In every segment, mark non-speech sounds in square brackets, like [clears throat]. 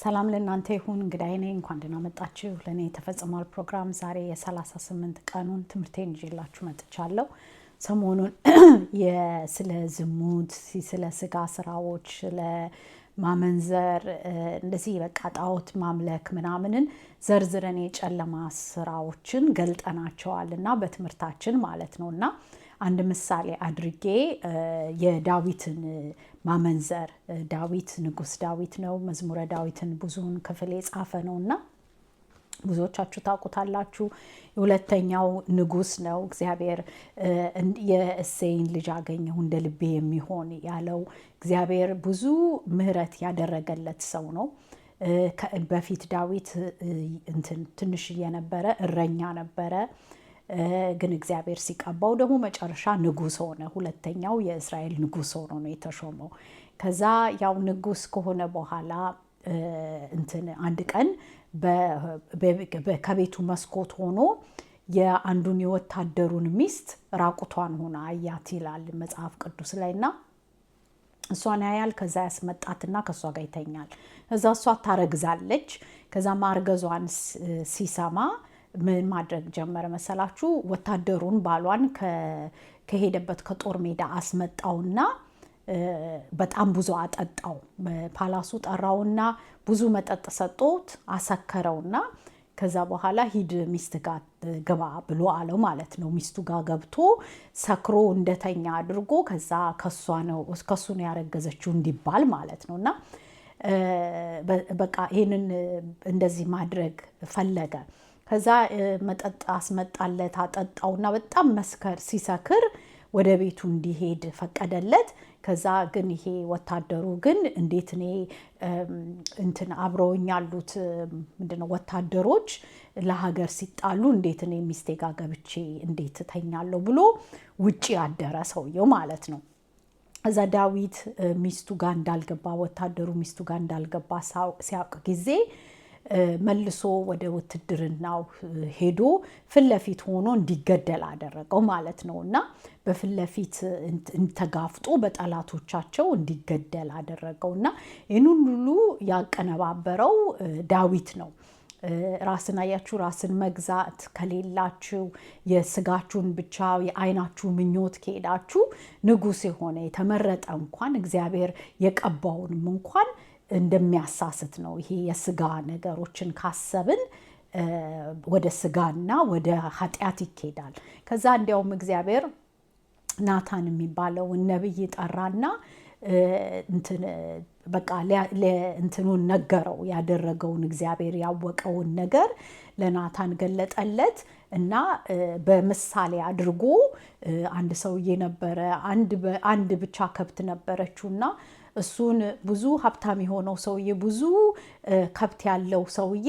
ሰላም ለእናንተ ይሁን። እንግዳይ ነኝ። እንኳን ደህና መጣችሁ። ለእኔ የተፈጽሟል ፕሮግራም ዛሬ የ38 ቀኑን ትምህርቴን ይዤላችሁ መጥቻለሁ። ሰሞኑን [clears throat] ስለ ዝሙት፣ ስለ ስጋ ስራዎች፣ ስለ ማመንዘር እንደዚህ በቃ ጣዖት ማምለክ ምናምንን ዘርዝረን የጨለማ ስራዎችን ገልጠናቸዋል እና በትምህርታችን ማለት ነው እና አንድ ምሳሌ አድርጌ የዳዊትን ማመንዘር ዳዊት ንጉስ ዳዊት ነው። መዝሙረ ዳዊትን ብዙውን ክፍል የጻፈ ነው እና ብዙዎቻችሁ ታውቁታላችሁ። ሁለተኛው ንጉስ ነው። እግዚአብሔር የእሴይን ልጅ አገኘሁ እንደ ልቤ የሚሆን ያለው እግዚአብሔር ብዙ ምሕረት ያደረገለት ሰው ነው። በፊት ዳዊት እንትን ትንሽዬ ነበረ፣ እረኛ ነበረ ግን እግዚአብሔር ሲቀባው ደግሞ መጨረሻ ንጉስ ሆነ። ሁለተኛው የእስራኤል ንጉስ ሆኖ ነው የተሾመው። ከዛ ያው ንጉስ ከሆነ በኋላ እንትን አንድ ቀን ከቤቱ መስኮት ሆኖ የአንዱን የወታደሩን ሚስት ራቁቷን ሆና አያት ይላል መጽሐፍ ቅዱስ ላይ እና እሷን ያያል። ከዛ ያስመጣትና ከእሷ ጋር ይተኛል። እዛ እሷ ታረግዛለች። ከዛ ማርገዟን ሲሰማ ምን ማድረግ ጀመረ መሰላችሁ? ወታደሩን ባሏን ከሄደበት ከጦር ሜዳ አስመጣውና በጣም ብዙ አጠጣው። ፓላሱ ጠራውና ብዙ መጠጥ ሰጦት አሰከረውና ከዛ በኋላ ሂድ ሚስት ጋ ግባ ብሎ አለው ማለት ነው። ሚስቱ ጋር ገብቶ ሰክሮ እንደተኛ አድርጎ ከዛ ከሷ ነው ከሱ ነው ያረገዘችው እንዲባል ማለት ነው። እና በቃ ይህንን እንደዚህ ማድረግ ፈለገ። ከዛ መጠጥ አስመጣለት አጠጣውና በጣም መስከር ሲሰክር ወደ ቤቱ እንዲሄድ ፈቀደለት። ከዛ ግን ይሄ ወታደሩ ግን እንዴት እኔ እንትን አብረውኝ ያሉት ምንድነው ወታደሮች ለሀገር ሲጣሉ እንዴት እኔ ሚስቴ ጋር ገብቼ እንዴት ተኛለሁ ብሎ ውጪ ያደረ ሰውየው ማለት ነው። እዛ ዳዊት ሚስቱ ጋር እንዳልገባ ወታደሩ ሚስቱ ጋር እንዳልገባ ሲያውቅ ጊዜ መልሶ ወደ ውትድርናው ሄዶ ፊት ለፊት ሆኖ እንዲገደል አደረገው ማለት ነው እና በፊት ለፊት ተጋፍጦ በጠላቶቻቸው እንዲገደል አደረገው እና ይህንን ሁሉ ያቀነባበረው ዳዊት ነው። ራስን አያችሁ፣ ራስን መግዛት ከሌላችሁ የስጋችሁን ብቻ የአይናችሁ ምኞት ከሄዳችሁ ንጉሥ የሆነ የተመረጠ እንኳን እግዚአብሔር የቀባውንም እንኳን እንደሚያሳስት ነው። ይሄ የስጋ ነገሮችን ካሰብን ወደ ስጋና ወደ ኃጢአት ይኬዳል። ከዛ እንዲያውም እግዚአብሔር ናታን የሚባለውን ነቢይ ጠራና በቃ እንትኑን ነገረው ያደረገውን እግዚአብሔር ያወቀውን ነገር ለናታን ገለጠለት እና በምሳሌ አድርጎ አንድ ሰውዬ ነበረ። አንድ ብቻ ከብት ነበረችው እና እሱን ብዙ ሀብታም የሆነው ሰውዬ ብዙ ከብት ያለው ሰውዬ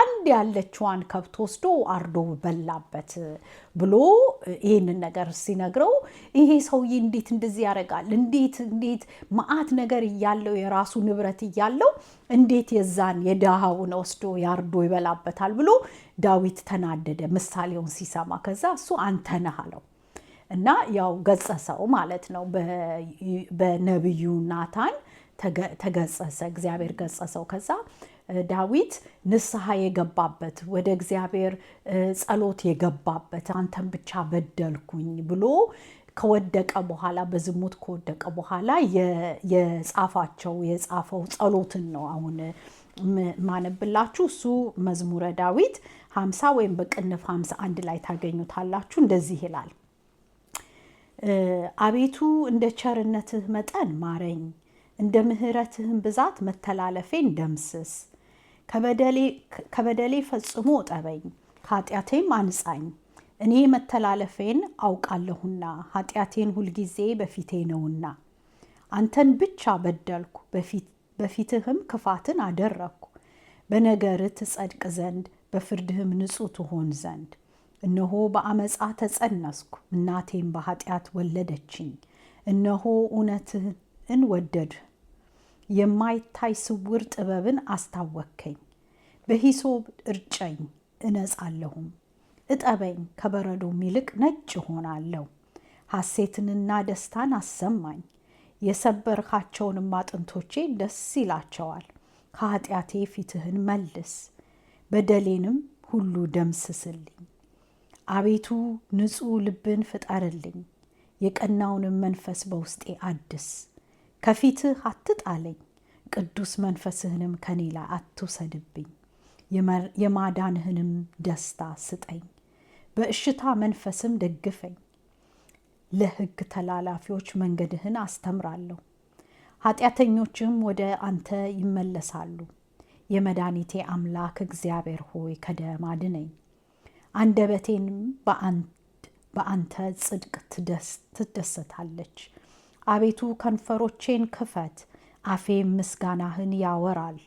አንድ ያለችዋን ከብት ወስዶ አርዶ በላበት ብሎ ይህንን ነገር ሲነግረው ይሄ ሰውዬ እንዴት እንደዚህ ያደርጋል? እንዴት እንዴት መዓት ነገር እያለው የራሱ ንብረት እያለው እንዴት የዛን የድሃውን ወስዶ ያርዶ ይበላበታል ብሎ ዳዊት ተናደደ፣ ምሳሌውን ሲሰማ። ከዛ እሱ አንተ ነህ አለው እና ያው ገጸሰው ማለት ነው። በነቢዩ ናታን ተገጸሰ እግዚአብሔር ገጸሰው። ከዛ ዳዊት ንስሐ የገባበት ወደ እግዚአብሔር ጸሎት የገባበት አንተን ብቻ በደልኩኝ ብሎ ከወደቀ በኋላ በዝሙት ከወደቀ በኋላ የጻፋቸው የጻፈው ጸሎትን ነው አሁን ማነብላችሁ። እሱ መዝሙረ ዳዊት 50 ወይም በቅንፍ 51 ላይ ታገኙታላችሁ። እንደዚህ ይላል አቤቱ እንደ ቸርነትህ መጠን ማረኝ፣ እንደ ምህረትህን ብዛት መተላለፌን ደምስስ። ከበደሌ ፈጽሞ እጠበኝ፣ ከኃጢአቴም አንጻኝ። እኔ መተላለፌን አውቃለሁና ኃጢአቴን ሁልጊዜ በፊቴ ነውና። አንተን ብቻ በደልኩ፣ በፊትህም ክፋትን አደረግኩ፣ በነገርህ ትጸድቅ ዘንድ በፍርድህም ንጹሕ ትሆን ዘንድ እነሆ በአመፃ ተጸነስኩ፣ እናቴም በኃጢአት ወለደችኝ። እነሆ እውነትህን ወደድህ፣ የማይታይ ስውር ጥበብን አስታወከኝ። በሂሶብ እርጨኝ እነጻለሁም፣ እጠበኝ ከበረዶም ይልቅ ነጭ እሆናለሁ። ሐሴትንና ደስታን አሰማኝ፣ የሰበርካቸውንም አጥንቶቼ ደስ ይላቸዋል። ከኃጢአቴ ፊትህን መልስ፣ በደሌንም ሁሉ ደምስስልኝ። አቤቱ ንጹሕ ልብን ፍጠርልኝ፣ የቀናውንም መንፈስ በውስጤ አድስ። ከፊትህ አትጣለኝ፣ ቅዱስ መንፈስህንም ከኔ ላይ አትውሰድብኝ። የማዳንህንም ደስታ ስጠኝ፣ በእሽታ መንፈስም ደግፈኝ። ለሕግ ተላላፊዎች መንገድህን አስተምራለሁ፣ ኃጢአተኞችም ወደ አንተ ይመለሳሉ። የመድኃኒቴ አምላክ እግዚአብሔር ሆይ ከደም አድነኝ። አንደበቴን በአንተ ጽድቅ ትደሰታለች። አቤቱ ከንፈሮቼን ክፈት፣ አፌም ምስጋናህን ያወራል።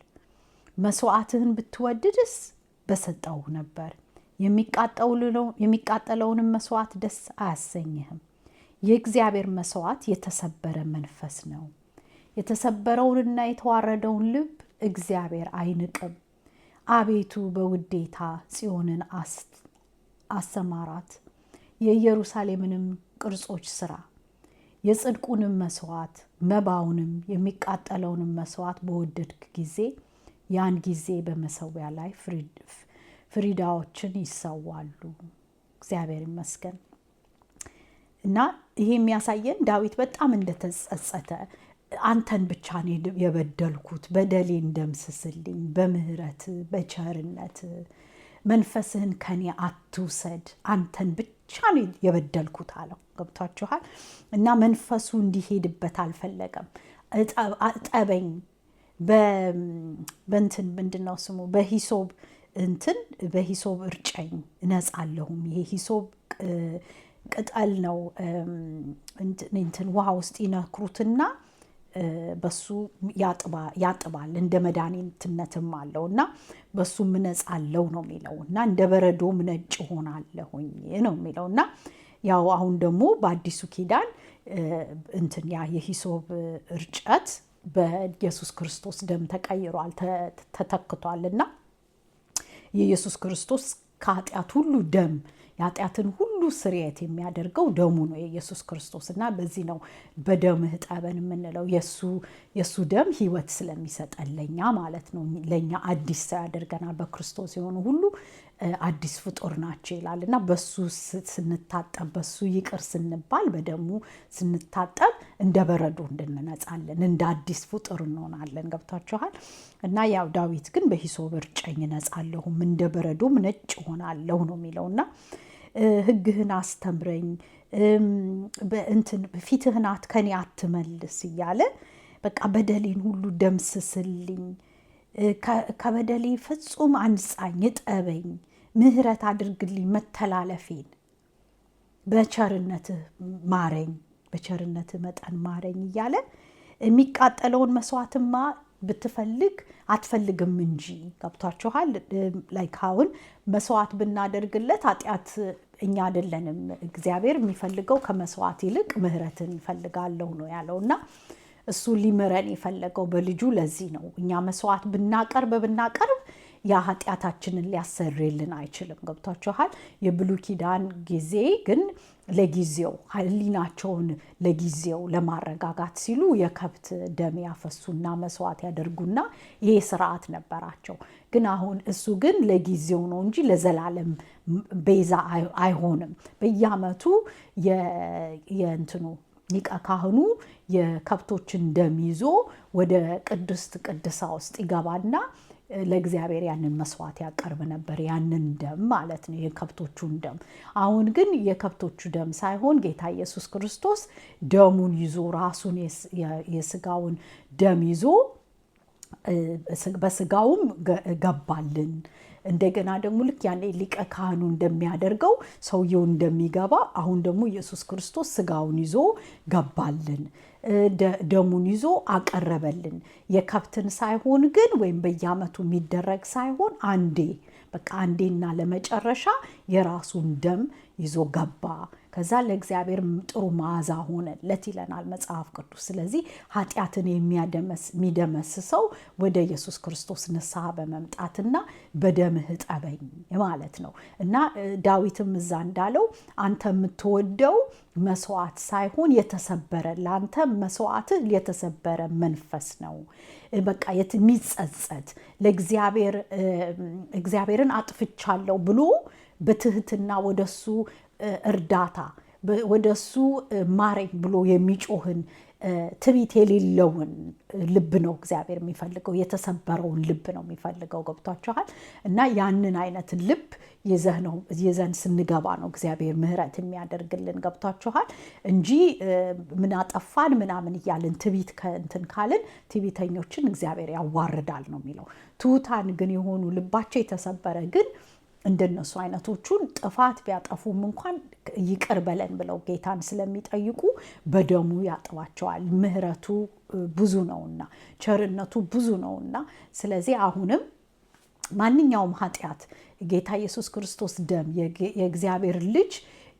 መስዋዕትህን ብትወድድስ በሰጠው ነበር። የሚቃጠለውንም መስዋዕት ደስ አያሰኝህም። የእግዚአብሔር መስዋዕት የተሰበረ መንፈስ ነው። የተሰበረውንና የተዋረደውን ልብ እግዚአብሔር አይንቅም። አቤቱ በውዴታ ጽዮንን አስት አሰማራት፣ የኢየሩሳሌምንም ቅርጾች ስራ፣ የጽድቁንም መስዋዕት መባውንም የሚቃጠለውንም መስዋዕት በወደድክ ጊዜ ያን ጊዜ በመሰዊያ ላይ ፍሪዳዎችን ይሰዋሉ። እግዚአብሔር ይመስገን። እና ይሄ የሚያሳየን ዳዊት በጣም እንደተጸጸተ አንተን ብቻ ነው የበደልኩት፣ በደሌን ደምስስልኝ በምህረት በቸርነት መንፈስህን ከኔ አትውሰድ፣ አንተን ብቻ ነው የበደልኩት አለው። ገብቷችኋል? እና መንፈሱ እንዲሄድበት አልፈለገም። እጠበኝ በእንትን ምንድን ነው ስሙ በሂሶብ እንትን በሂሶብ እርጨኝ እነጻለሁም። ይሄ ሂሶብ ቅጠል ነው። እንትን ውሃ ውስጥ ይነክሩትና በሱ ያጥባል እንደ መድኃኒትነትም አለው እና በሱ ምነጻለው ነው የሚለው እና እንደ በረዶ ምነጭ ሆናለሁኝ ነው የሚለው እና ያው አሁን ደግሞ በአዲሱ ኪዳን እንትን ያ የሂሶብ እርጨት በኢየሱስ ክርስቶስ ደም ተቀይሯል፣ ተተክቷል እና የኢየሱስ ክርስቶስ ከኃጢአት ሁሉ ደም የኃጢአትን ሁሉ ስርየት የሚያደርገው ደሙ ነው የኢየሱስ ክርስቶስ እና በዚህ ነው በደምህ ጠበን የምንለው የእሱ ደም ህይወት ስለሚሰጠን ለእኛ ማለት ነው። ለእኛ አዲስ ሰው ያደርገናል። በክርስቶስ የሆኑ ሁሉ አዲስ ፍጡር ናቸው ይላል እና በሱ ስንታጠብ በሱ ይቅር ስንባል በደሙ ስንታጠብ እንደ በረዶ እንድንነጻለን እንደ አዲስ ፍጡር እንሆናለን። ገብታችኋል? እና ያው ዳዊት ግን በሂሶ እርጨኝ እነጻለሁም እንደ በረዶም ነጭ ሆናለሁ ነው እና ህግህን አስተምረኝ እንትን ፊትህን ከኔ አትመልስ እያለ በቃ በደሌን ሁሉ ደምስስልኝ፣ ከበደሌ ፍጹም አንጻኝ፣ እጠበኝ፣ ምህረት አድርግልኝ፣ መተላለፌን በቸርነትህ ማረኝ፣ በቸርነትህ መጠን ማረኝ እያለ የሚቃጠለውን መስዋዕትማ ብትፈልግ አትፈልግም እንጂ ገብቷችኋል። ላይክ አሁን መስዋዕት ብናደርግለት ኃጢአት እኛ አይደለንም። እግዚአብሔር የሚፈልገው ከመስዋዕት ይልቅ ምህረትን እፈልጋለሁ ነው ያለው እና እሱ ሊምረን የፈለገው በልጁ ለዚህ ነው። እኛ መስዋዕት ብናቀርብ ብናቀርብ ያ ኃጢአታችንን ሊያሰርልን አይችልም። ገብቷችኋል? የብሉይ ኪዳን ጊዜ ግን ለጊዜው ሕሊናቸውን ለጊዜው ለማረጋጋት ሲሉ የከብት ደም ያፈሱና መስዋዕት ያደርጉና ይሄ ስርዓት ነበራቸው። ግን አሁን እሱ ግን ለጊዜው ነው እንጂ ለዘላለም ቤዛ አይሆንም። በየአመቱ የእንትኑ ሊቀ ካህኑ የከብቶችን ደም ይዞ ወደ ቅድስት ቅድሳ ውስጥ ይገባና ለእግዚአብሔር ያንን መስዋዕት ያቀርብ ነበር። ያንን ደም ማለት ነው የከብቶቹን ደም። አሁን ግን የከብቶቹ ደም ሳይሆን ጌታ ኢየሱስ ክርስቶስ ደሙን ይዞ ራሱን የስጋውን ደም ይዞ በስጋውም ገባልን። እንደገና ደግሞ ልክ ያኔ ሊቀ ካህኑ እንደሚያደርገው ሰውየው እንደሚገባ አሁን ደግሞ ኢየሱስ ክርስቶስ ስጋውን ይዞ ገባልን፣ ደሙን ይዞ አቀረበልን። የከብትን ሳይሆን ግን ወይም በየዓመቱ የሚደረግ ሳይሆን አንዴ በቃ አንዴና ለመጨረሻ የራሱን ደም ይዞ ገባ። ከዛ ለእግዚአብሔር ጥሩ መዓዛ ሆነለት ይለናል መጽሐፍ ቅዱስ። ስለዚህ ኃጢአትን የሚደመስሰው ወደ ኢየሱስ ክርስቶስ ንስሐ በመምጣትና በደምህ ጠበኝ ማለት ነው እና ዳዊትም እዛ እንዳለው አንተ የምትወደው መስዋዕት ሳይሆን የተሰበረ ለአንተ መስዋዕት የተሰበረ መንፈስ ነው። በቃ የሚጸጸት ለእግዚአብሔር እግዚአብሔርን አጥፍቻለሁ ብሎ በትህትና ወደሱ እርዳታ ወደ እሱ ማረኝ ብሎ የሚጮህን ትቢት የሌለውን ልብ ነው እግዚአብሔር የሚፈልገው። የተሰበረውን ልብ ነው የሚፈልገው። ገብቷችኋል? እና ያንን አይነት ልብ ይዘህ ነው ይዘን ስንገባ ነው እግዚአብሔር ምሕረት የሚያደርግልን። ገብቷችኋል? እንጂ ምን አጠፋን ምናምን እያልን ትቢት ከእንትን ካልን ትቢተኞችን እግዚአብሔር ያዋርዳል ነው የሚለው። ትሑታን ግን የሆኑ ልባቸው የተሰበረ ግን እንደነሱ አይነቶቹን ጥፋት ቢያጠፉም እንኳን ይቅር በለን ብለው ጌታን ስለሚጠይቁ በደሙ ያጥባቸዋል። ምሕረቱ ብዙ ነውና፣ ቸርነቱ ብዙ ነውና። ስለዚህ አሁንም ማንኛውም ኃጢአት ጌታ ኢየሱስ ክርስቶስ ደም የእግዚአብሔር ልጅ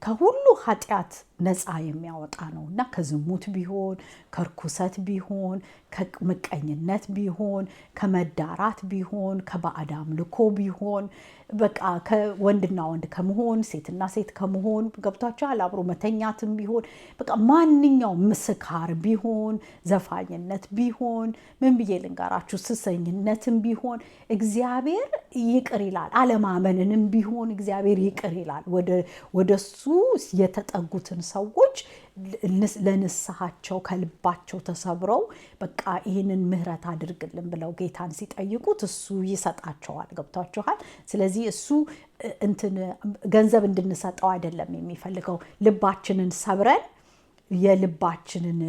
ከሁሉ ኃጢአት ነፃ የሚያወጣ ነው እና ከዝሙት ቢሆን ከርኩሰት ቢሆን ከምቀኝነት ቢሆን ከመዳራት ቢሆን ከባዕድ አምልኮ ቢሆን በቃ ከወንድና ወንድ ከመሆን ሴትና ሴት ከመሆን ገብቷቸዋል። አብሮ መተኛትም ቢሆን በቃ ማንኛውም ምስካር ቢሆን ዘፋኝነት ቢሆን ምን ብዬ ልንገራችሁ፣ ስሰኝነትም ቢሆን እግዚአብሔር ይቅር ይላል። አለማመንንም ቢሆን እግዚአብሔር ይቅር ይላል። ወደ እሱ የተጠጉትን ሰዎች ለንስሐቸው ከልባቸው ተሰብረው በቃ ይህንን ምህረት አድርግልን ብለው ጌታን ሲጠይቁት እሱ ይሰጣቸዋል። ገብቷችኋል? ስለዚህ እሱ እንትን ገንዘብ እንድንሰጠው አይደለም የሚፈልገው ልባችንን ሰብረን የልባችንን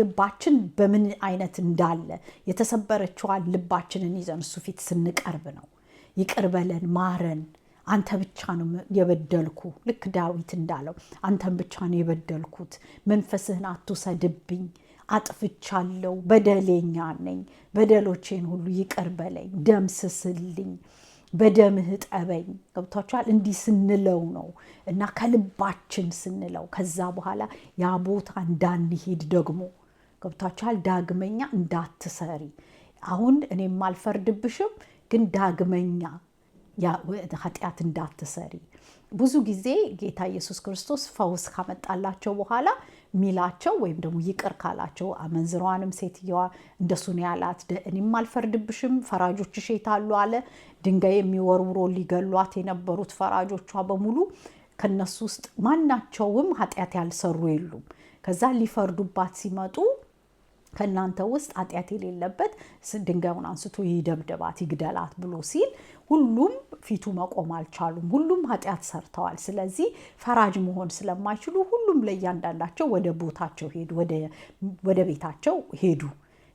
ልባችን በምን አይነት እንዳለ የተሰበረችዋን ልባችንን ይዘን እሱ ፊት ስንቀርብ ነው። ይቅር በለን ማረን አንተ ብቻ ነው የበደልኩ። ልክ ዳዊት እንዳለው አንተን ብቻ ነው የበደልኩት፣ መንፈስህን አትውሰድብኝ፣ አጥፍቻለሁ፣ በደሌኛ ነኝ፣ በደሎቼን ሁሉ ይቅር በለኝ፣ ደምስስልኝ፣ በደምህ ጠበኝ። ገብቷችኋል? እንዲህ ስንለው ነው እና ከልባችን ስንለው ከዛ በኋላ ያ ቦታ እንዳንሄድ ደግሞ ገብቷችኋል? ዳግመኛ እንዳትሰሪ አሁን እኔም አልፈርድብሽም፣ ግን ዳግመኛ ኃጢአት እንዳትሰሪ ብዙ ጊዜ ጌታ ኢየሱስ ክርስቶስ ፈውስ ካመጣላቸው በኋላ ሚላቸው ወይም ደግሞ ይቅር ካላቸው አመንዝሯንም ሴትየዋ እንደሱ ነው ያላት። እኔም አልፈርድብሽም ፈራጆችሽ የታሉ አለ። ድንጋይ የሚወርውሮ ሊገሏት የነበሩት ፈራጆቿ በሙሉ ከነሱ ውስጥ ማናቸውም ኃጢአት ያልሰሩ የሉም። ከዛ ሊፈርዱባት ሲመጡ ከእናንተ ውስጥ ኃጢአት የሌለበት ድንጋዩን አንስቶ ይደብደባት ይግደላት ብሎ ሲል ሁሉም ፊቱ መቆም አልቻሉም። ሁሉም ኃጢአት ሰርተዋል። ስለዚህ ፈራጅ መሆን ስለማይችሉ ሁሉም ለእያንዳንዳቸው ወደ ቦታቸው ሄዱ፣ ወደ ቤታቸው ሄዱ።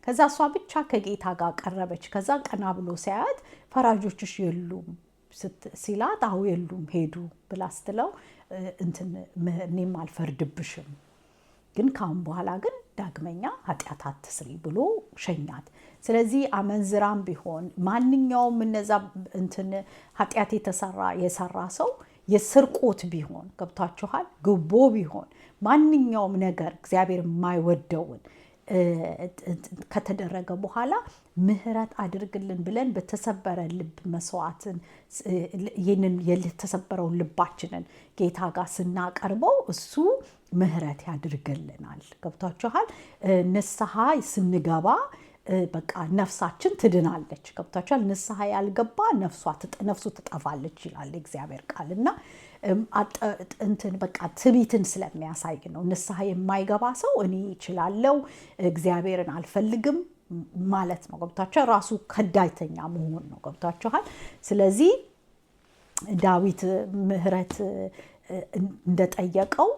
ከዛ እሷ ብቻ ከጌታ ጋር ቀረበች። ከዛ ቀና ብሎ ሲያያት ፈራጆችሽ የሉም ሲላት፣ አሁ የሉም ሄዱ ብላ ስትለው እንትን እኔም አልፈርድብሽም ግን ካሁን በኋላ ግን ዳግመኛ ኃጢአት አትስሪ ብሎ ሸኛት። ስለዚህ አመንዝራም ቢሆን ማንኛውም እነዛ እንትን ኃጢአት የተሰራ የሰራ ሰው የስርቆት ቢሆን ገብታችኋል፣ ግቦ ቢሆን ማንኛውም ነገር እግዚአብሔር የማይወደውን ከተደረገ በኋላ ምሕረት አድርግልን ብለን በተሰበረ ልብ መስዋዕትን ይህንን የተሰበረውን ልባችንን ጌታ ጋር ስናቀርበው እሱ ምህረት ያድርግልናል። ገብቷችኋል? ንስሐ ስንገባ በቃ ነፍሳችን ትድናለች። ገብቷችኋል? ንስሐ ያልገባ ነፍሱ ትጠፋለች ይላል እግዚአብሔር ቃል እና እንትን በቃ ትቢትን ስለሚያሳይ ነው። ንስሐ የማይገባ ሰው እኔ ይችላለው እግዚአብሔርን አልፈልግም ማለት ነው። ገብቷችኋል? ራሱ ከዳይተኛ መሆን ነው። ገብቷችኋል? ስለዚህ ዳዊት ምህረት እንደጠየቀው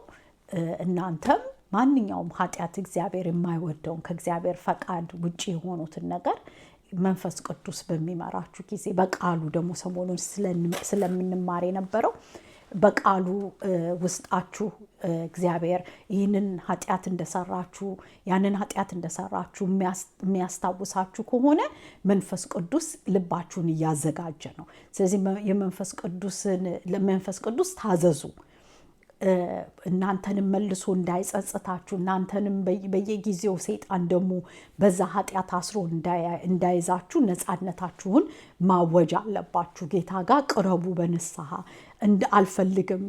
እናንተም ማንኛውም ኃጢአት እግዚአብሔር የማይወደውን ከእግዚአብሔር ፈቃድ ውጭ የሆኑትን ነገር መንፈስ ቅዱስ በሚመራችሁ ጊዜ በቃሉ ደግሞ ሰሞኑን ስለምንማር የነበረው በቃሉ ውስጣችሁ እግዚአብሔር ይህንን ኃጢአት እንደሰራችሁ ያንን ኃጢአት እንደሰራችሁ የሚያስታውሳችሁ ከሆነ መንፈስ ቅዱስ ልባችሁን እያዘጋጀ ነው። ስለዚህ የመንፈስ ቅዱስን ለመንፈስ ቅዱስ ታዘዙ። እናንተንም መልሶ እንዳይጸጽታችሁ እናንተንም በየጊዜው ሰይጣን ደግሞ በዛ ኃጢአት አስሮ እንዳይዛችሁ ነፃነታችሁን ማወጅ አለባችሁ። ጌታ ጋር ቅረቡ በንስሐ እንደ አልፈልግም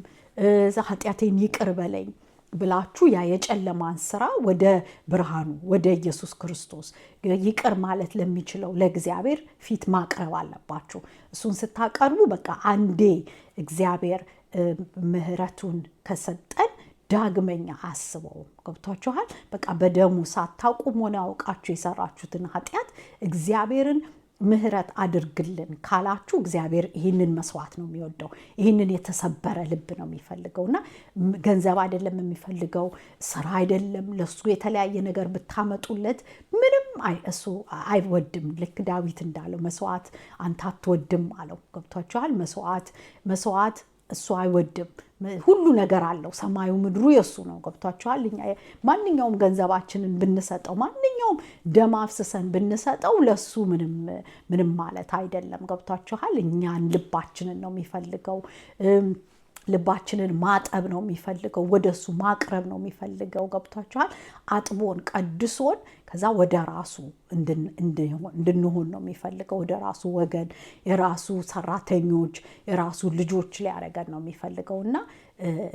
ኃጢአቴን ይቅር በለኝ ብላችሁ ያ የጨለማን ስራ ወደ ብርሃኑ ወደ ኢየሱስ ክርስቶስ ይቅር ማለት ለሚችለው ለእግዚአብሔር ፊት ማቅረብ አለባችሁ። እሱን ስታቀርቡ በቃ አንዴ እግዚአብሔር ምህረቱን ከሰጠን ዳግመኛ አስበውም። ገብቷችኋል? በቃ በደሙ ሳታውቁ ሆነ አውቃችሁ የሰራችሁትን ኃጢአት እግዚአብሔርን ምህረት አድርግልን ካላችሁ እግዚአብሔር ይህንን መስዋዕት ነው የሚወደው። ይህንን የተሰበረ ልብ ነው የሚፈልገው እና ገንዘብ አይደለም የሚፈልገው፣ ስራ አይደለም። ለሱ የተለያየ ነገር ብታመጡለት ምንም እሱ አይወድም። ልክ ዳዊት እንዳለው መስዋዕት አንተ አትወድም አለው። ገብቷችኋል? መስዋዕት መስዋዕት እሱ አይወድም። ሁሉ ነገር አለው። ሰማዩ ምድሩ የእሱ ነው። ገብቷችኋል? እኛ ማንኛውም ገንዘባችንን ብንሰጠው፣ ማንኛውም ደም አፍስሰን ብንሰጠው ለሱ ምንም ማለት አይደለም። ገብቷችኋል? እኛን ልባችንን ነው የሚፈልገው። ልባችንን ማጠብ ነው የሚፈልገው፣ ወደሱ ማቅረብ ነው የሚፈልገው። ገብቷችኋል? አጥቦን ቀድሶን ከዛ ወደ ራሱ እንድንሆን ነው የሚፈልገው። ወደ ራሱ ወገን፣ የራሱ ሰራተኞች፣ የራሱ ልጆች ሊያደርገን ነው የሚፈልገው እና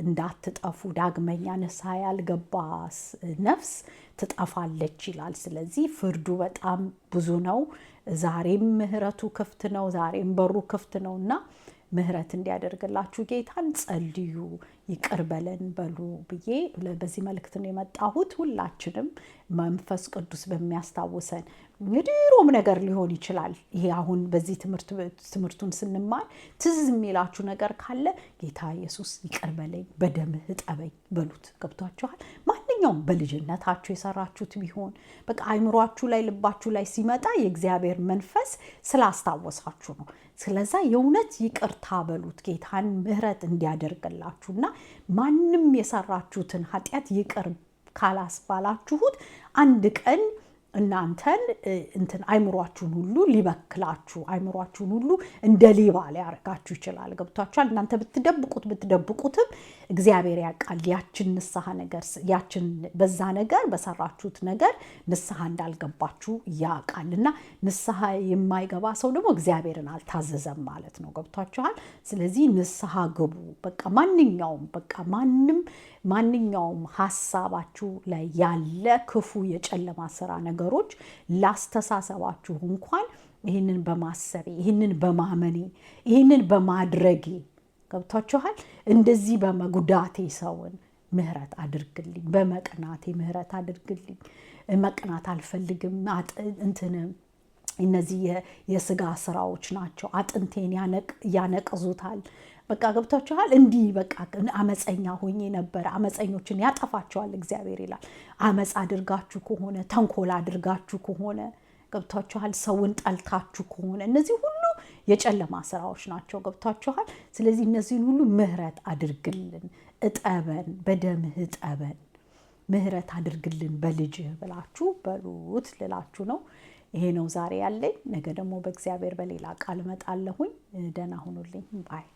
እንዳትጠፉ ዳግመኛ ንስሐ ያልገባ ነፍስ ትጠፋለች ይላል። ስለዚህ ፍርዱ በጣም ብዙ ነው። ዛሬም ምሕረቱ ክፍት ነው። ዛሬም በሩ ክፍት ነው እና ምህረት እንዲያደርግላችሁ ጌታን ጸልዩ፣ ይቅር በለን በሉ ብዬ በዚህ መልእክት ነው የመጣሁት። ሁላችንም መንፈስ ቅዱስ በሚያስታውሰን ድሮም ነገር ሊሆን ይችላል። ይሄ አሁን በዚህ ትምህርቱን ስንማር ትዝ የሚላችሁ ነገር ካለ ጌታ ኢየሱስ ይቅር በለኝ፣ በደምህ እጠበኝ በሉት። ገብቷችኋል? ማንኛውም በልጅነታችሁ የሰራችሁት ቢሆን በቃ አይምሯችሁ ላይ ልባችሁ ላይ ሲመጣ የእግዚአብሔር መንፈስ ስላስታወሳችሁ ነው። ስለዛ የእውነት ይቅርታ በሉት ጌታን ምሕረት እንዲያደርግላችሁና ማንም የሰራችሁትን ኃጢአት ይቅር ካላስባላችሁት አንድ ቀን እናንተን እንትን አይምሯችሁን ሁሉ ሊበክላችሁ አይምሯችሁን ሁሉ እንደ ሌባ ሊያረጋችሁ ይችላል። ገብቷችኋል። እናንተ ብትደብቁት ብትደብቁትም እግዚአብሔር ያውቃል። ያችን ንስሐ ነገር ያችን በዛ ነገር በሰራችሁት ነገር ንስሐ እንዳልገባችሁ ያውቃል። እና ንስሐ የማይገባ ሰው ደግሞ እግዚአብሔርን አልታዘዘም ማለት ነው። ገብቷችኋል። ስለዚህ ንስሐ ግቡ። በቃ ማንኛውም በቃ ማንም ማንኛውም ሀሳባችሁ ላይ ያለ ክፉ የጨለማ ስራ ነገር ነገሮች ላስተሳሰባችሁ እንኳን ይህንን በማሰቤ ይህንን በማመኔ ይህንን በማድረጌ ገብቷችኋል። እንደዚህ በመጉዳቴ ሰውን ምህረት አድርግልኝ፣ በመቅናቴ ምህረት አድርግልኝ። መቅናት አልፈልግም እንትንም እነዚህ የስጋ ስራዎች ናቸው። አጥንቴን ያነቅዙታል። በቃ ገብታችኋል። እንዲህ በቃ አመፀኛ ሆኜ ነበረ። አመፀኞችን ያጠፋቸዋል እግዚአብሔር ይላል። አመፅ አድርጋችሁ ከሆነ ተንኮል አድርጋችሁ ከሆነ ገብታችኋል። ሰውን ጠልታችሁ ከሆነ እነዚህ ሁሉ የጨለማ ስራዎች ናቸው። ገብታችኋል። ስለዚህ እነዚህን ሁሉ ምህረት አድርግልን፣ እጠበን፣ በደምህ እጠበን፣ ምህረት አድርግልን በልጅህ ብላችሁ በሉት ልላችሁ ነው። ይሄ ነው ዛሬ ያለኝ። ነገ ደግሞ በእግዚአብሔር በሌላ ቃል እመጣለሁኝ። ደህና ሁኑልኝ ባይ